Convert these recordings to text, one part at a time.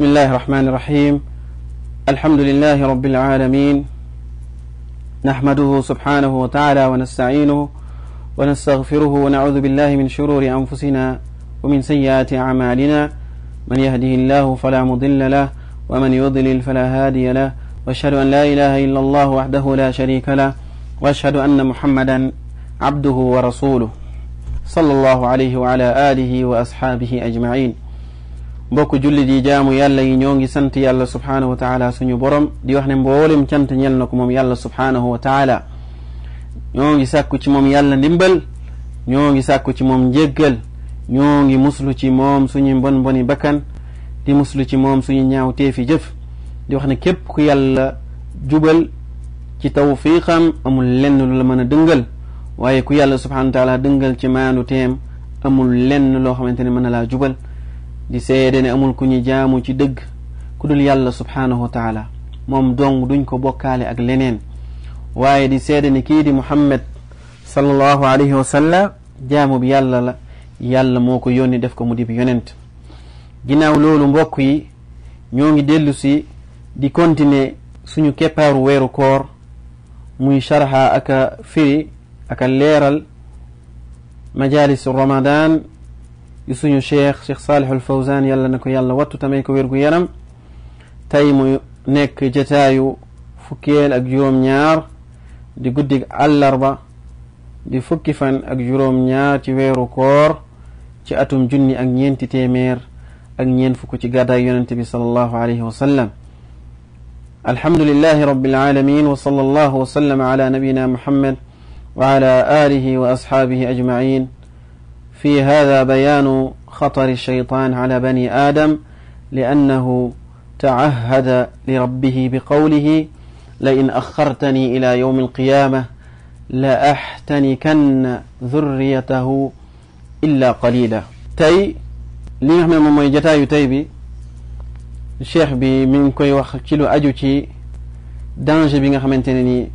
بسم الله الرحمن الرحيم الحمد لله رب العالمين نحمده سبحانه وتعالى ونستعينه ونستغفره ونعوذ بالله من شرور أنفسنا ومن سيئات أعمالنا من يهده الله فلا مضل له ومن يضلل فلا هادي له واشهد أن لا إله إلا الله وحده لا شريك له واشهد أن محمدا عبده ورسوله صلى الله عليه وعلى آله وأصحابه أجمعين mbokku jullit yi jaamu yàlla yi ñoo ngi sant yàlla su wa taala suñu borom di wax ne mboolem cant ñel na ko moom yàlla subhaanahu wa taala ñoo ngi sàkku ci moom yàlla ndimbal ñoo ngi sàkku ci moom njéggal ñoo ngi muslu ci moom suñu mbon mboni bakkan di muslu ci moom suñu ñaaw teefi jëf di wax ne képp ku yàlla jubal ci tawfiqam amul lenn la mën a dëngal waaye ku yàlla subhaanahu wa taala dëngal ci maanu teem amul lenn loo xamante ne mën na laa jubal di seede ne amul ku ñu jaamu ci dëgg ku dul yàlla subhaanahu wa taala moom dong duñ ko bokkaale ak leneen waaye di seede ne kii di muhammad sallallahu alayhi wa jaamu bi yàlla la yàlla moo ko yónni def ko mu dib yonent ginaaw loolu mbokk yi ñoo ngi dellu si di continuer suñu keppaaru weeru koor muy sharha aka firi aka leeral majalis ramadan gisuñu cheikh cheikh saalixul fawsaan yàlla na ko yàlla wattu tamay ko wérgu yaram tey mu nekk jataayu fukkeel ak juróom ñaar di guddig àllarba di fukki fan ak juróom ñaar ci weeru koor ci atum junni ak ñeenti téeméer ak ñeen fukk ci gàddaay yonente bi salallahu alayhi wa sallam الحمد لله رب العالمين وصلى الله وسلم على نبينا محمد وعلى آله وأصحابه أجمعين في هذا بيان خطر الشيطان على بني آدم لأنه تعهد لربه بقوله لئن أخرتني إلى يوم القيامة لأحتنكن ذريته إلا قليلا تي لنحن مميجتا يتيبي الشيخ بي من كوي وخكيلو أجوتي دانج بي نحمنتني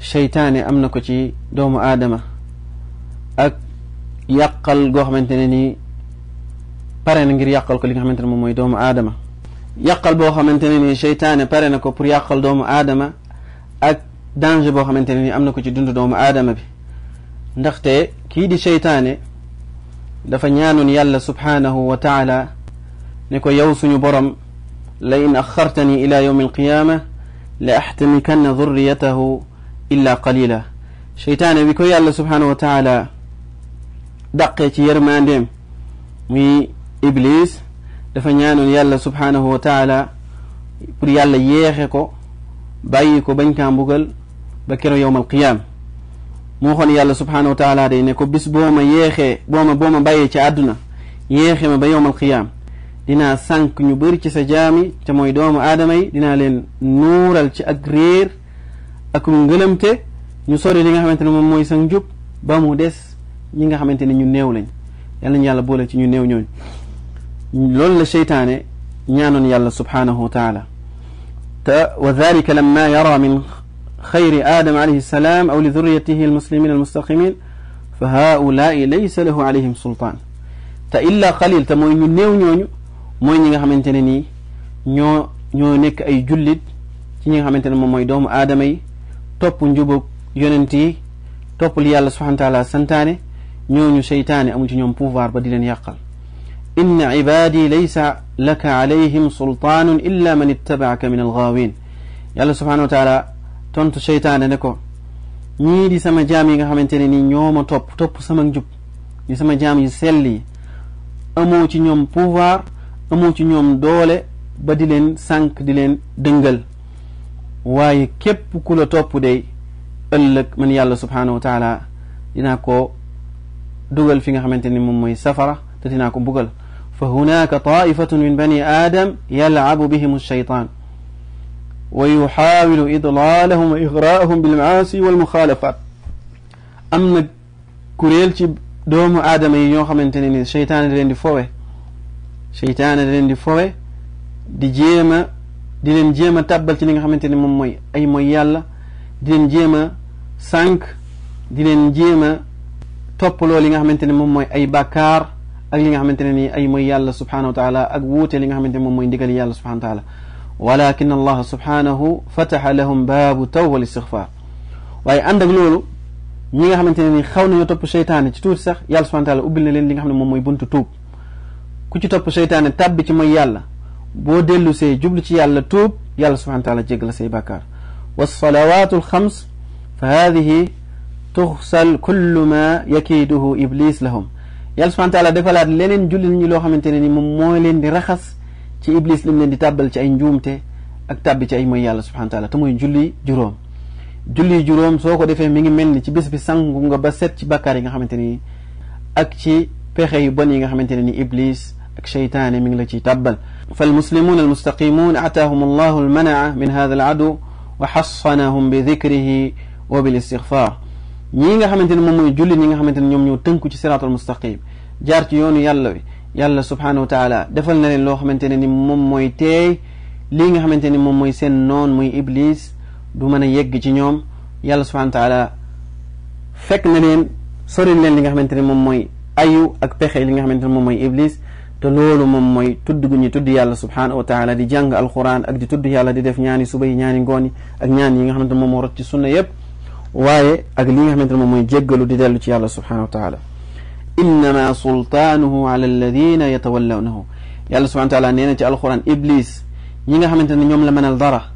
شيطاني أمنكوتي دوم آدم أك yàqal goo xamante ne nii pare na ngir yàqal ko li nga xamante ne moom mooy doomu aadama yàqal boo xamante ne nii seytaane pare na ko pour yàqal doomu aadama ak danger boo xamante ne nii am na ko ci dund doomu aadama bi ndaxte kii di seytaane dafa ñaanoon yàlla subhaanahu wa taala ne ko yow suñu borom la in axartani ila yawmi alqiyaama la axtamikanna durriyatahu illa qalila seytaane bi ko yàlla subhaanahu wa taala dàqee ci yërmandeem muy iblis dafa ñaanoon yàlla subhaanahu wa taala pour yàlla yéexe ko bàyyi ko bañ kaa mbugal ba kero yowmal qiyaam mu xool yàlla subhaanahu wa taala day ne ko bis boo ma booma boo ma boo ma bàyyee ci àdduna yéexe ma ba yowmal qiyaam dinaa sànq ñu bëri ci sa jaami te mooy doomu aadama yi dinaa leen nuural ci ak réer ak ngëlëmte ñu sori li nga xamante ne moom mooy sa njub ba mu des ñi nga xamante ni ñu néew lañ yàlla ñu yàlla boole ci ñu néew ñooñ loolu la seytaane ñaanoon yàlla subhanahu wa taala te wa dhalika lamma yara min alayhi خير آدم عليه السلام أو لذريته المسلمين المستقيمين فهؤلاء ليس له عليهم سلطان تإلا قليل تموي من نيو نيو موي نيغا خامتيني ني ñoo ñoo nekk ay jullit ci ñi nga xamante ne moom mooy doomu aadama yi topp njubug yonent yi topp li yàlla subhanahu wa taala santaane ñooñu seytaane amu ci ñoom pouvoir ba di leen yàqal inna ibaadi laysa laka alayhim sultaanun illa man ittabaaka min algaawin yàlla subhanahu wa taala tontu seytaane ne ko ñii di sama jaam yi nga xamante ne ni ñoo ma topp topp sama njub di sama jaam yi sell yi amoo ci ñoom pouvoir amoo ci ñoom doole ba di leen sànq di leen dëngal waaye képp ku la topp day ëllëg man yàlla subhanahu wa taala dinaa ko دوغل فيغا خامتاني موم موي سفرة تاتيناكو بوغل فهناك طائفة من بني آدم يلعب بهم الشيطان ويحاول إضلالهم وإغراءهم بالمعاصي والمخالفات أما كوريل تي دوم آدم يو خامتاني الشيطان دي لندي فوي الشيطان دي لندي فوي دي جيما دي لن جيما تابل تي موي أي موي يالا دي لن سانك دي لن toppaloo li nga xamanteni mom moy ay bakar ak li nga xamanteni ne ay moy yàlla subhanahu wa taala ak wuute li nga xamanteni mom moy ndigal yàlla subhanahu wa taala walakin allah subhanahu fataha lahum bab tawba wal istigfaar way ànd ak lolu ñi nga xamanteni ne nii xaw nañoo topp ci tout sax yàlla subhanahu wa taala ubbil na len li nga xamanteni mom moy buntu tuub ku ci top shaytan tàbbi ci moy yàlla bo delu see jublu ci yàlla tuub yàlla subhanahu wa taala jegal say bakar والصلوات الخمس فهذه تغسل كل ما يكيده إبليس لهم يالله سبحانه وتعالى دفعل لنين جل نيو لو خامتيني ني موم مو لين دي رخص تي ابليس لين لين دي تابل تي اي نجومتي اك تابي تي اي مو يالله سبحانه وتعالى تموي جولي جوروم جولي جوروم سوكو ديفه ميغي ملني تي بيس بي سانغو با سيت تي بكار ييغا خامتيني اك تي فخه يو بون ييغا خامتيني ابليس اك شيطان ميغ لا تي تابل فالمسلمون المستقيمون اعتاهم الله المنع من هذا العدو وحصنهم بذكره وبالاستغفار ñii nga xamante ne moom moy julli ñi nga xamante ne ñoom ñoo tënku ci siraatul mustaqim jaar ci yoonu yàlla wi yàlla subhaanahu wa taala defal na leen loo xamante ne ni moom mooy teey lii nga xamante ni moom mooy seen noon muy iblis du mën a yegg ci ñoom yàlla subhaanahu wa fekk na leen sori leen li nga xamante ne moom mooy ayu ak pexe li nga xamante ne moom mooy iblis te loolu moom mooy tudd gu ñu tudd yàlla subhaanahu wa taala di jàng alquran ak di tudd yàlla di def ñaani suba yi ñaani ngoon yi ak ñaan yi nga xamante ne moom moo rot ci sunna yëpp waye ak li nga xamantene mom moy jéggalu di delu ci yàlla subhanahu wa taala innama sultanuhu ala alladhina yatawallawnahu yàlla subhanahu wa taala neena ci alquran iblis ñi nga xamantene ñom la manal dara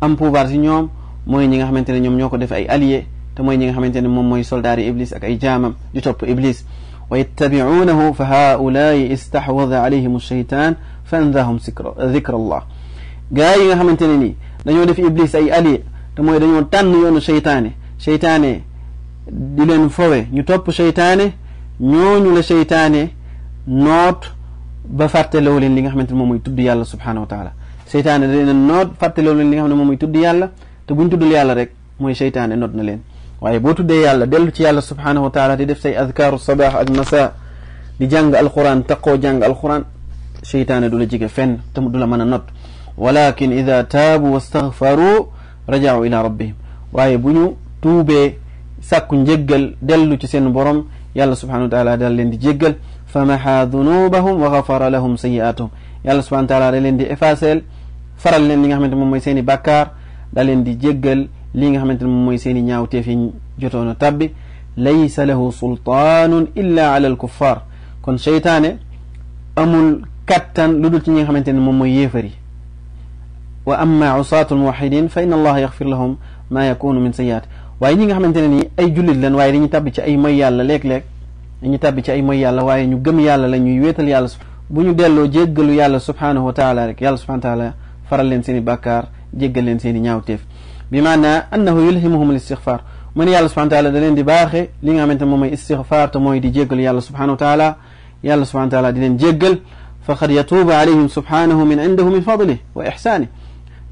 am pouvoir ci ñom moy ñi nga xamantene ñom ñoko def ay alliés te moy ñi nga xamantene mom moy mooy soldaari iblis ak ay jaamam di top iblis wa yattabicuunahu fa haulaai istaxwada alayhim alcheytaan fa andahum dikra allah gaa yi nga xamante ni dañu def iblis ay alliés te moy dañu tan yoonu shaytané seytaane di leen fowe ñu topp seytaane ñooñu la seytaane noot ba fàttaloo leen li nga xamante ne moom mooy tudd yàlla subhaanahu wa taala seytaane da leen noot fàttaloo leen li nga xam ne moom mooy tudd yàlla te buñ tuddi yàlla rek mooy seytaane noot na leen waaye boo tuddee yàlla dellu ci yàlla subhaanahu wa taala di def say adkaaru sabaax ak masa di jàng alquran taqoo jàng alquran seytaane du la jige fenn te du la mën a not walakin ida taabu wastaghfaru raja'u ila rabbihim waaye bu ñu توبة سكن جيجل دلو تسين برم يالله سبحانه وتعالى دلين دي جقل فمحى ذنوبهم وغفر لهم سيئاتهم يالله سبحانه وتعالى دلين دي إفاسل فرال لين دي نحمد ممي سيني بكار دلين دي جيجل لين نحمد ممي سيني نياو تيفي جتون تبي ليس له سلطان إلا على الكفار كون شيطان أمول كتن لدو تنين نحمد ممي يفري وأما عصاة الموحدين فإن الله يغفر لهم ما يكون من سيئات waaye ñi nga xamantene ni ay julit lañ waaye dañu tàbbi ci ay moy yalla lek lek ñi tàbbi ci ay moy yàlla waaye ñu gëm yàlla la ñuy wétal yàlla bu ñu delloo jéggalu yàlla subhanahu wa taala rek yàlla subhanahu wa taala faral leen seeni bakkar bàkkaar jéggal leen seeni ñaawteef bi maana annahu yulhimuhum al istighfar mu yàlla subhanahu wa taala da leen di baxé li nga xamantene ne moom mooy istixfar te mooy di jéggalu yàlla subhanahu wa taala yàlla subhanahu wa taala di leen jéggal faqad yatubu alayhim subhanahu min indahu min fadlihi wa ixsaani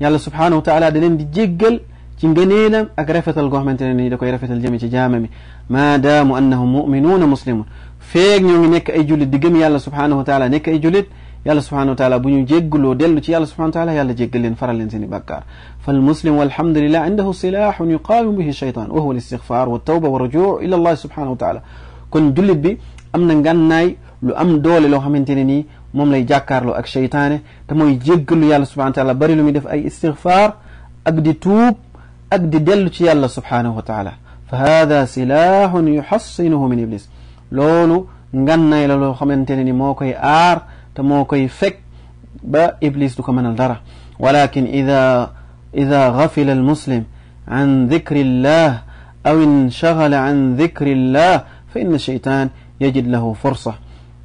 yàlla subhanahu wa taala da leen di jéggal ci ngëneelam ak rafetal goo xamante ne nii da koy rafetal jëme ci jaama mi maa daamu annahum muminuuna muslimun feeg ñoo ngi nekk ay jullit di gëm yàlla subhanahu wa taala nekk ay jullit yàlla subhanahu wa taala bu ñu jéggaloo dellu ci yàlla subhanahu wa taala yàlla jéggal leen faral leen seeni bàkkaar فالمسلم والحمد لله عنده سلاح يقاوم به الشيطان وهو الاستغفار والتوبة والرجوع إلى الله سبحانه وتعالى كن جلد بي أمنا نغناي لو أم دول لو خمنتيني موم لاي جاكارلو اك شيطان تموي جيغلو يالله سبحانه وتعالى بري لو مي ديف اي استغفار اك دي توب أجدي دلتي يلا سبحانه وتعالى فهذا سلاح يحصنه من إبليس لونه نغنى إلى لو خمنتيني موكي آر تموكي فك با إبليس دو كمان الدرة ولكن إذا إذا غفل المسلم عن ذكر الله أو انشغل عن ذكر الله فإن الشيطان يجد له فرصة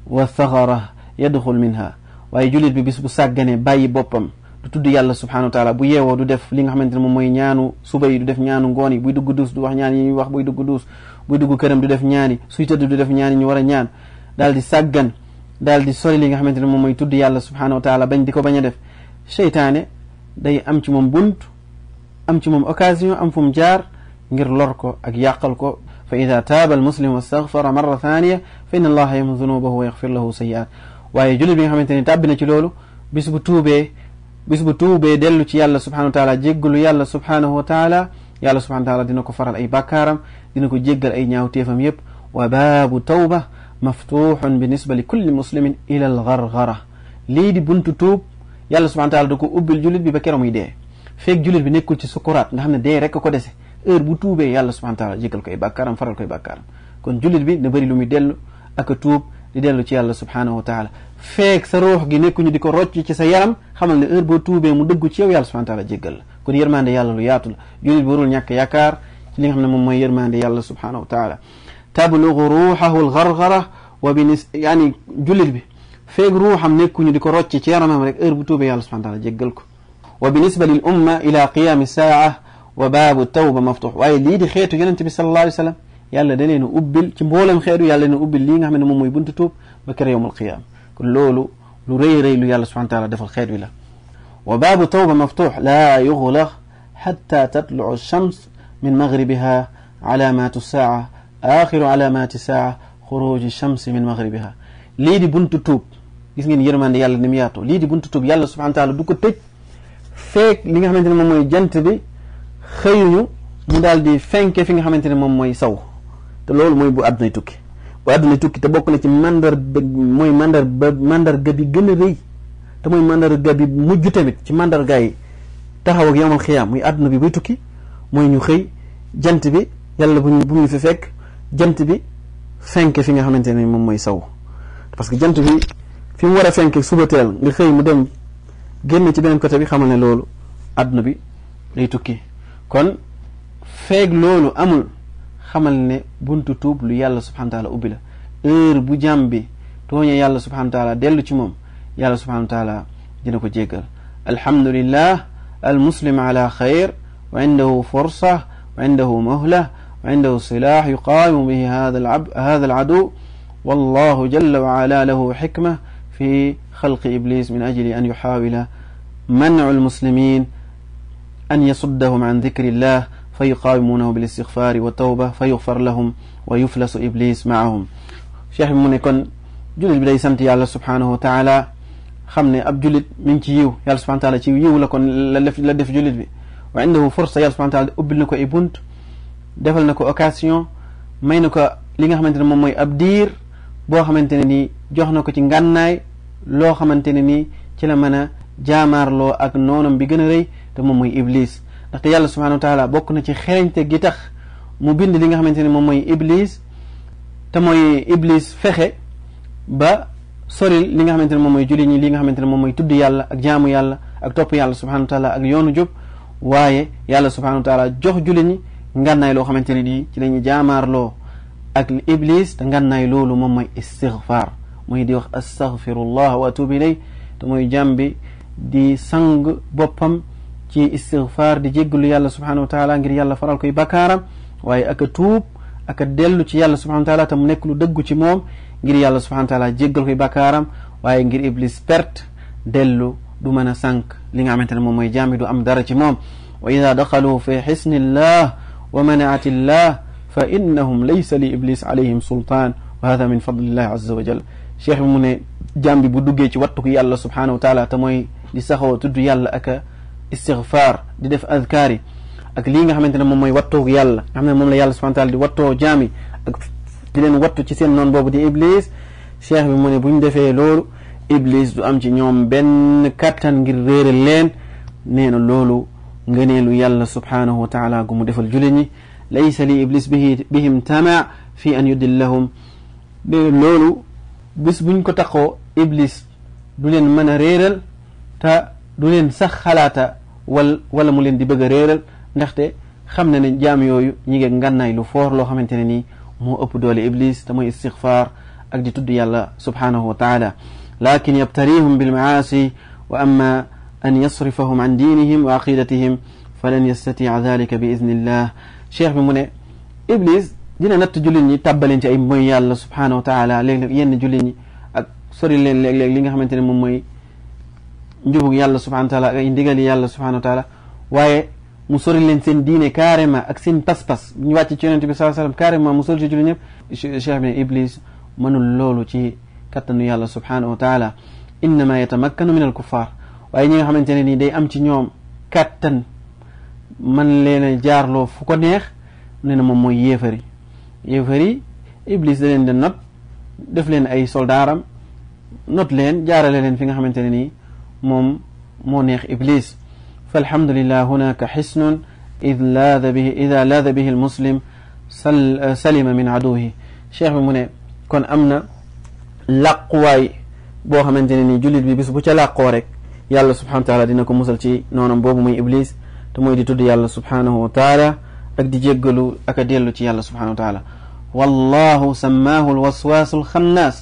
وثغرة يدخل منها ويجلد ببسبو ساقني باي بوبم du tudd yàlla subhanahu wa taala bu yeewoo du def li nga xamante ne moom mooy ñaanu suba yi du def ñaanu ngoon yi buy dugg duus du wax ñaan yi ñuy wax buy dugg duus buy dugg këram du def ñaani suy tëdd du def ñaani ñu war a ñaan daal di sàggan daal di sori li nga xamante ne moom mooy tudd yàlla subhanahu wa taala bañ di ko bañ a def seytaane day am ci moom bunt am ci moom occasion am fu mu jaar ngir lor ko ak yàqal ko fa ida taaba almuslim wastaghfara marra thaniya fa inna allaha yamu dunubahu wa yaxfir lahu sayiat waaye jullit bi nga xamante ne tàbbi na ci loolu bis bu tuubee bis bu tuubee dellu ci yàlla subhanahu wa taala jéggalu yàlla subhanahu wa taala yàlla subhanahu wa taala dina ko faral ay bàkkaaram dina ko jéggal ay ñaaw téefam yépp wa baabu tawba maftuxun bi nisba li kul muslimin ila al gargara lii di buntu tuub yàlla subhanahu wa taala da ko ubbil jullit bi ba keroog muy dee feeg jullit bi nekkul ci sukuraat nga xam ne dee rek ko dese heure bu tuubee yàlla subhanahu wa taala jéggal ko ay bàkkaaram faral ko ay kon jullit bi na bëri lu dellu ak tuub di delu ci yàlla subhanahu wa taala fek sa ruh gi nekkuñu di ko rocc ci sa yaram xamal ne heure bo toubé mu dëggu ci yow yàlla subhanahu wa taala jéggal la kon yërmande yàlla lu yaatu la julit bi warul ñàkk yaakaar ci li nga xamne mom moy yërmande yàlla subhanahu wa taala tablughu tablugu al-gharghara wa bi yani julit bi fek ruham nekkuñu di ko rocc ci yaramam rek heure bu toubé yàlla subhanahu wa taala jéggal ko wa binisba lil umma ila qiyaami saa wa baabu tawba maftuux waaye lii di xeetu yonente bi sallallahu alayhi wa yàlla da leen ubbil ci mbolam xeetu yàlla leen ubbil li nga xamne mom moy buntu tuub ba kër yowul qiyam kon lolu lu reey reey lu yàlla subhanahu wa taala defal xeet wi la wa babu tawba maftuh la yughlaq hatta tatlu'u ash shams min maghribiha magribiha akhiru saaca aaxiru calaamaati khuruj ash-shams min maghribiha li di buntu tuub gis ngeen yërmande yàlla nim yaato li di buntu tuub yàlla subhanahu wa taala du ko tejj fek li nga xamne mom moy jant bi xëyuñu mu daldi fenke fi nga xamante mom moy saw te loolu mooy bu àddunay tukki bu àddunay tukki te bokk na ci mandar mooy mandar ba mandarga bi gën a rëy te mooy mandarga bi mujj tamit ci mandarga yi taxaw ak yowmal xiyaam muy àdduna bi buy tukki mooy ñu xëy jant bi yàlla bu ñu bu ñu fi fekk jant bi fenk fi nga xamante ne moom mooy saw parce que jant bi fi mu war a fenk suba teel nga xëy mu dem génn ci beneen côté bi xamal ne loolu àdduna bi lay tukki kon feeg loolu amul xamal ne buntu tuub lu yàlla subhanahu wa taala ubbi la heure bu jàmm bi tooñee yàlla subhanahu wa taala dellu ci moom yàlla subhanahu wa taala dina ko jéggal alhamdulillah almuslim ala xayr wa indahu forsa wa indahu mahla wa indahu silah yuqaawimu bihi hada aladu wallahu jalla wa ala lahu حكمة fi خلق iblis min ajli an يحاول منع almuslimin an yasuddahum an ذكر الله فيقاومونه بالاستغفار والتوبة فيغفر لهم ويفلس إبليس معهم شيخ من يكون جل بداية سنت يا الله سبحانه وتعالى خمني أب جل من كيو يا الله سبحانه وتعالى كيو يو لكن لدف لدف جل بي وعنده فرصة يا الله سبحانه وتعالى أب لكو إبنت دفل لكو أكاسيون ما ينكو لينغ خمن تنا مموي أب دير بوا خمن تنا ني جوه نكو تنجان ناي لو جامار لو أك نونم بيجنري إبليس ndaxte yàlla subhanahu wa taala bokk na ci xereñte gi tax mu bind li nga xamante ne moom mooy iblis te mooy iblis fexe ba soril li nga xamante ne moom mooy ñi li nga ne moom mooy tudd yàlla ak jaamu yàlla ak topp yàlla subhanahu wa ak yoonu jub waaye yàlla subhanahu wa jox julli ñi ngànnaay loo xamante ne nii ci la jaamaarloo ak iblis te ngannaay loolu moom mooy istigfaar mooy di wax astaghfirullah wa atubu ilay te mooy jàmm di sang boppam ci istighfar di jéggalu yàlla subhanahu wa taala ngir yàlla faral koy bakkaaram waaye aka tuub aka dellu ci yàlla subhanahu wa taala te mu nekk lu dëggu ci moom ngir yàlla subhanahu wa taala jéggal koy bakkaaram waaye ngir iblis pert dellu du mën a sànq li nga xamante ne moom mooy jaami du am dara ci moom wa ida daxalu fi xisni llah wa manaati llah fa innahum laysa li iblis alayhim sultan wa hada min fadli fadlillahi azza wa jal cheikh bi mu ne jaam bu duggee ci wattuk yàlla subhanahu wa taala te mooy di saxoo tudd yàlla aka istixfaar di def azkaar yi ak lii nga xamante ne moom mooy wattoog yàlla nga xam ne moom la yàlla subhana taala di wattoo jaam yi ak di leen wattu ci seen noonu boobu di iblis cheikh bi mu ne buñ defee loolu iblis du am ci ñoom benn kattan ngir réere leen nee na loolu ngëneelu yàlla subhanahu wa taala gu mu defal jullit ñi laysa li iblis bihi bihim tama fi an yudillahum loolu bis buñ ko taqoo iblis du leen mën a réeral te du leen sax xalaata wal wala mu leen di bëgg a réeral ndaxte xam na ne jaam yooyu ñi ngi ngànnaay lu foor loo xamante ne nii moo ëpp doole iblis te mooy istixfaar ak di tudd yàlla subhanahu wa taala lakin yabtarihum bilmaasi wa amma an yasrifahum an diinihim wa aqidatihim falan yastatia dalika bi idnillah cheikh bi mu ne iblis dina natt jullit ñi tàbbaleen ci ay mooy yàlla subhanahu wa taala léeg-léeg yenn jullit ñi ak sori leen léeg-léeg li nga xamante ne moom mooy njubug yàlla subhana taala ak ay ndigali yàlla subhana taala waaye mu sori leen seen diine carrément ak seen pas-pas ñu wàcc ci yonente bi saa sallam carrément mu sori ci julli ñëpp iblis mënul loolu ci kattanu yàlla subhanahu wa taala innama yatamakkanu min al kuffar waaye ñi nga xamante ne day am ci ñoom kattan man leen a jaarloo fu ko neex nee na moom mooy yéefari iblis da leen di not def leen ay soldaaram not leen jaarale leen fi nga xamante ne مم مونيخ إبليس فالحمد لله هناك حسن إذ لاذ به إذا لاذ به المسلم سلم من عدوه شيخ من كن أمنا لقواي بوها من جنيني جلد بي بسبوك لا يا الله سبحانه وتعالى دينكم مسل تي نونم بوب مي إبليس تموي دي تودي الله سبحانه وتعالى أك دي جيقلو أك ديالو تي يالا سبحانه وتعالى والله سماه الوسواس الخناس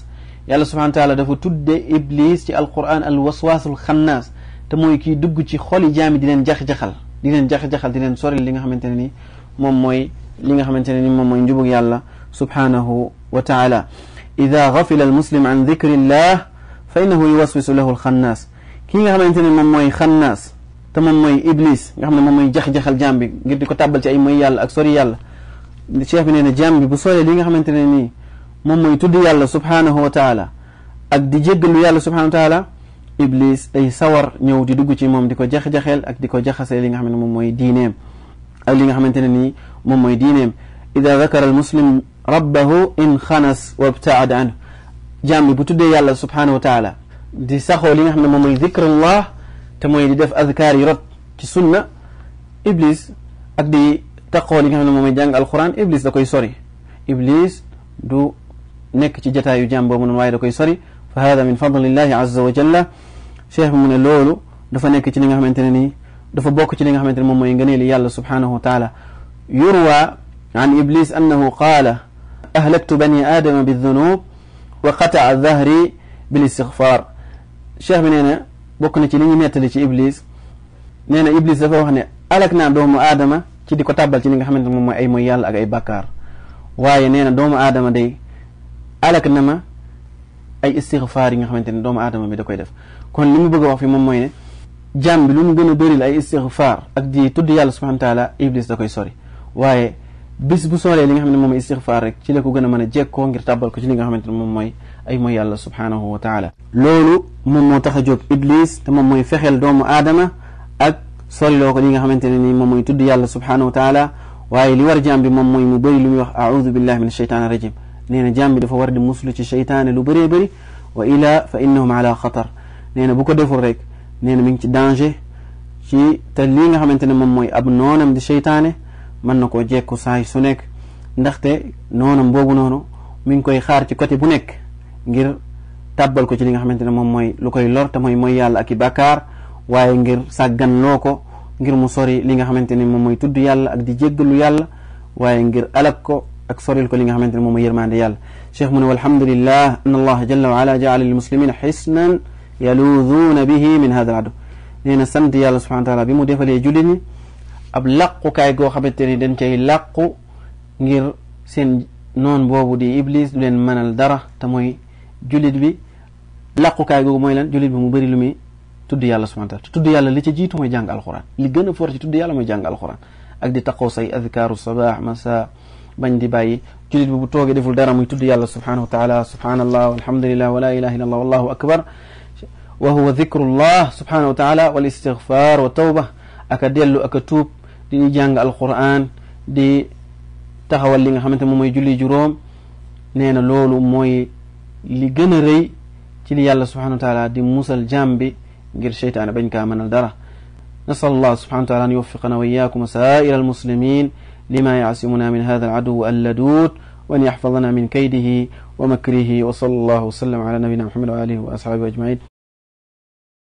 yàlla subhanahu wa taala dafa tudde iblis ci alquran al waswaasul xannaas te mooy kii dugg ci xoli jaami di leen jax-jaxal di leen jax-jaxal di leen soril li nga xamante ne ni moom mooy li nga xamante ne ni moom mooy njubug yàlla subhanahu wa taala ida gafila al muslim an dikrillah fa innahu yuwaswisu lahu al xannaas kii nga xamante ne moom mooy xannaas te moom mooy iblis nga xam ne moom mooy jax-jaxal jaam bi ngir di ko tàbbal ci ay mooy yàlla ak sori yàlla cheikh bi nee na jaam bi bu soolee li nga xamante ne nii moom mooy tudd yàlla subhaanahu wa taala ak di jéggalu yàlla subhaanahu wa taala iblis sawar ñëw di dugg ci moom di ko jax-jaxeel ak di ko jaxasee li nga xam ne moom mooy diineem ak li nga xamante ne nii moom mooy diineem ida dakara al muslim rabbahu in xanas wa btaad anhu jaam bi bu tuddee yàlla subhaanahu wa taala di saxo li nga xam ne moom mooy zikrullah te mooy di def azkaar yi rot ci sunna iblis ak di taqoo li nga xam ne moom mooy jàng alquran iblis da koy sori iblis du نك تجتا يجنب من وايد كيسري فهذا من فضل الله عز وجل شيخ من اللولو دفا نك تي ليغا خامتيني دفا بوك تي ليغا خامتيني موم موي غنيل يالا سبحانه وتعالى يروى عن ابليس انه قال اهلكت بني ادم بالذنوب وقطع ظهري بالاستغفار شيخ من بوك نتي لي نيتلي تي ابليس نينا ابليس دفا وخني الكنا دوم ادمه تي ديكو تابال تي ليغا خامتيني موم اي موي يالا اك اي بكار waaye nee doomu aadama day alak na ma ay istixfaar yi nga xamante ne doomu aadama bi da koy def kon li mu bëgg a wax fi moom mooy ne jàmm bi lu mu gën a bëril ay istixfaar ak di tudd yàlla subhanahu wa taala iblis da koy sori waaye bis bu soolee li nga xam ne moom istixfaar rek ci la ko gën a mën a jekkoo ngir tàbbal ko ci li nga xamante ne moom mooy ay mooy yàlla subhanahu wa taala loolu moom moo tax a jóg iblis te moom mooy fexeel doomu aadama ak soriloo ko li nga xamante ne ni moom mooy tudd yàlla subhanahu wa taala waaye li war jàmm bi moom mooy mu bëri lu muy wax aoudu billahi min asheytaan rajim nee na jaam bi dafa war di muslu ci seytaane lu bëree bëri wa ila fa innahum ala xatar nee na bu ko deful rek nee na mi ngi ci danger ci te lii nga xamante ne moom mooy ab noonam di seytaane mën na koo jekku saay su nekk ndaxte noonam boobu noonu mi ngi koy xaar ci côté bu nekk ngir tàbbal ko ci li nga xamante ne moom mooy lu koy lor te mooy mooy yàlla ak i waaye ngir sàggan loo ko ngir mu sori li nga xamante ne moom mooy tudd yàlla ak di jéggalu yàlla waaye ngir alak ko ak soril ko li nga xamante ne moom mooy yërmande yàlla cheikh mu ne walhamdulillah an allah jalla wa ala jaala lil muslimin xisnan yaluuduuna bihi min hada na sant yàlla subhana taala bi mu defalee jullit ñi ab làqukaay goo xamante ni dañ cay làqu ngir seen noon boobu di iblis du leen dara te mooy jullit bi làqukaay googu mooy lan jullit bi mu bëri lu muy tudd yàlla subhana taala yàlla li ca jiitu mooy jàng alquran li gën a fort yàlla mooy jàng ak di taqoo say adkaaru sabaax masa bañ di bàyyi julit bi bu toogee deful dara muy tudd yàlla subhanahu wa taala subhanallah walhamdulillah wa la ilaha illa allah wallahu akbar wa huwa dhikrullah subhanahu wa taala wal istighfar wa tawba aka dellu aka tuub di jàng alquran di taxawal li nga xamante moom mooy julli juróom nee na loolu mooy li gën a rëy ci li yàlla subhanahu wa taala di musal jaam bi غير شيطان بينك من الدرة نسأل الله سبحانه وتعالى أن يوفقنا وإياكم وسائر المسلمين لما يعصمنا من هذا العدو اللدود وأن يحفظنا من كيده ومكره وصلى الله وسلم على نبينا محمد وآله وأصحابه أجمعين